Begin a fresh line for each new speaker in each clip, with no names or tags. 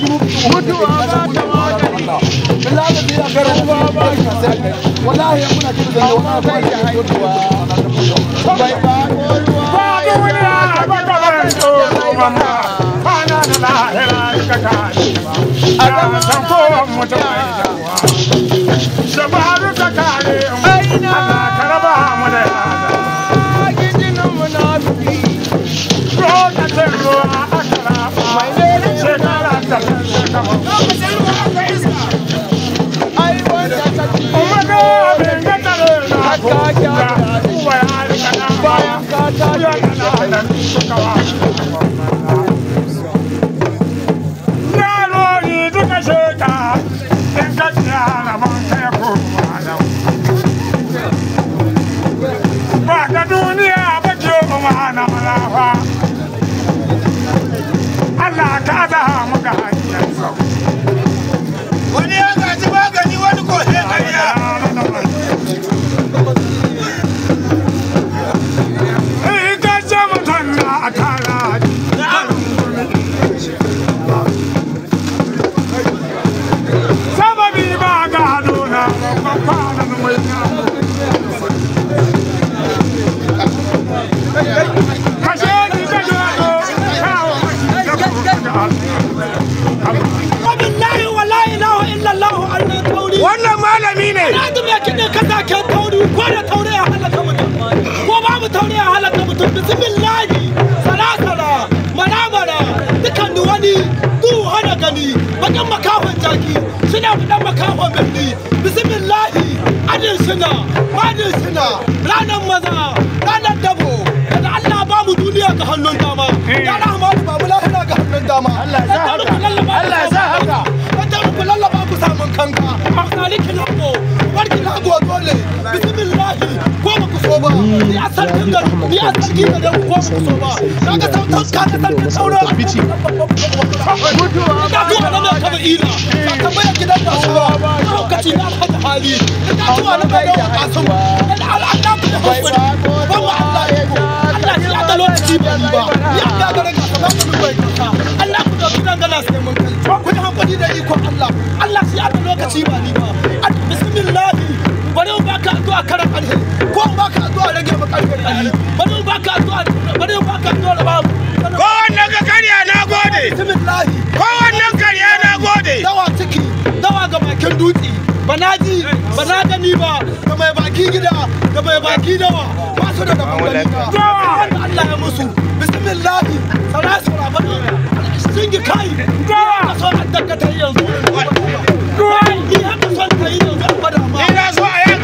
mutuwa ba ta magani billahi da garuwa ba ka sai wallahi muna cikin da wani ba ya haihuwa bai ba ba duniya ba ta bar tsoro mamma ana da lahira ka kashi a san kowa mutum ya dawa sabaru ka kare mu Yeah, wannan malami ne alhaji mai kiɗin kasa ke tauri ko da tauri ya halaka mutum ko babu tauri ya halaka mutum bismillahi salasala maramara dukan wani duhu hana gani bakin makahon jaki suna fitan makahon birni bismillahi adin suna madin suna ranar maza ranar dabo da Allah ba mu duniya ga hannun dama eh. ya rahmanu ba mu lahira ga hannun dama Allah ya sa haka Allah ya sa haka ku lallaba ku samun kanka masalikin labo warki lago dole bismillahi ba ku ni a sarkin ni a sarki da garin ko ba K'a so ba ka da sarkin sauro a bici ina zuwa na mai ina ka tambaya gidan kasuwa na lokaci na hada hali ina zuwa na mai dawa kasu ina al'adda ku da hankali ba mu Allah ya yi Allah ya ga lokaci ba ni ba ya ga garin kasa ba mu Allah ku da gidan gala sai mun kai ku da hankali da iko Allah Allah ya ga lokaci ba ni ba ma karan alheri ko in baka addu'a rage alheri bari addu'a bari addu'a da babu ko wannan ka karya na gode bismillahi ko wannan karya na gode dawa ciki dawa ga bakin dutse bana ji bana gani ba da mai baki gida da mai baki dawa ba su da daban gani ba Allah ya musu bismillahi salatu rabbi sun yi kai ka so a dakata yanzu ni yanzu abada ma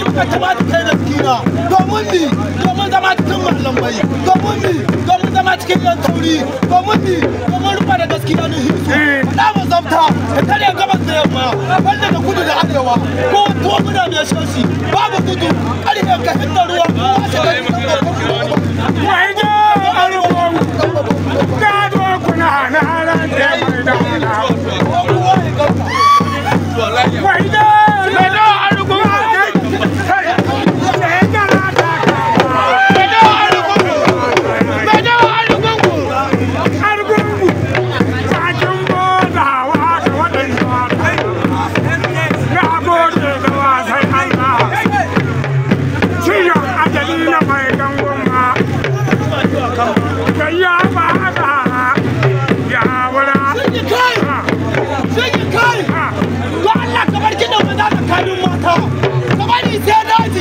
ka ci ba ta kai na sikina domin mi domin zama cikin malam bai domin mi domin zama cikin yan tauri domin mi domin rufa da gaskiya ni hisu da mu zamta da tare gabas da yamma wanda da kudu da arewa ko tuwo muna mai shansi babu gudu ƙarfe ka hinda ruwa ka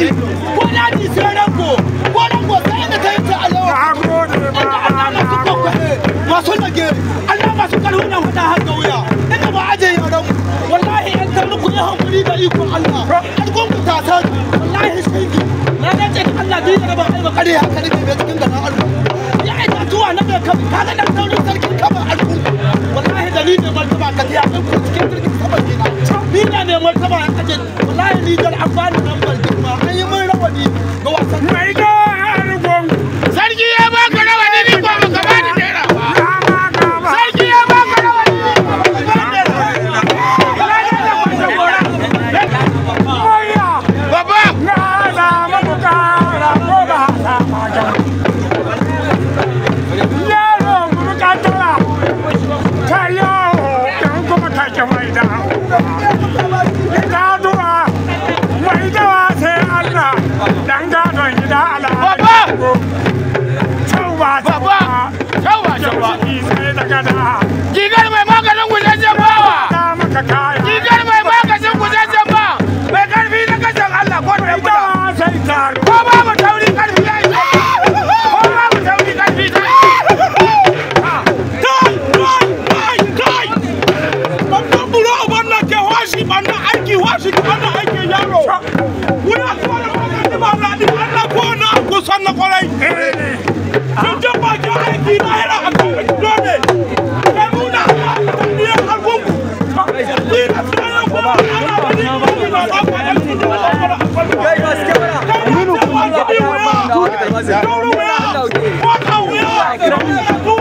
daji ko daji sai ranko ko ranko sai inda ta yi ta alawa inda Allah na su kwakwale masu nage Allah masu karfi na wata har da wuya inda ba aje yaran mu wallahi an tarni ku yi hankuri da ikon Allah an kun ku ta san wallahi sai ki na dace ce Allah bi da ba ai ba kare haka nake bai cikin garin Allah ya aita tuwa na bai kabi ka ga dan saurin sarkin kaba alku wallahi dalilin martaba ka tiya ku cikin jirgin sama kenan ni ne martaba a kaje wallahi ni jar amfani nan barkin Go outside. Right Star Não, não é! Bota o Wilson!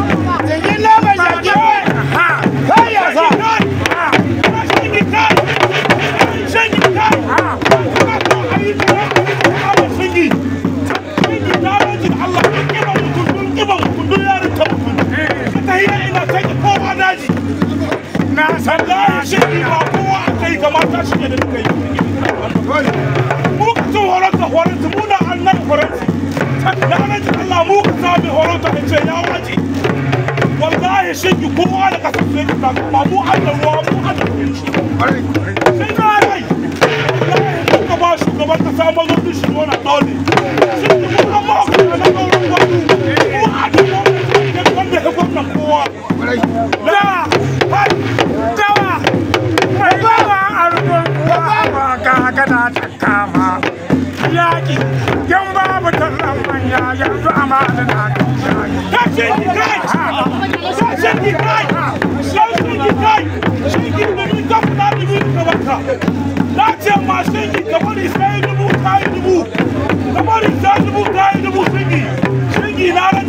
da shirki kowa da kasar sai da ba mu an da ruwa mu an da kunci sai na rai ka ba shugaban kasa mazobin shi wani dole sai da kuma ba ku da na ɗaurin ba mu a da wanda wanda ya gwamnan kowa lawa hai dawa mai bawa a rubun bawa ga gana ta kama yaƙi yan babu tallan manya yanzu amana na kan shayi die Zeit! Schau dir die Zeit! Schau dir den Kopf und alle Wien gemacht haben! Lass dir mal singen, da war die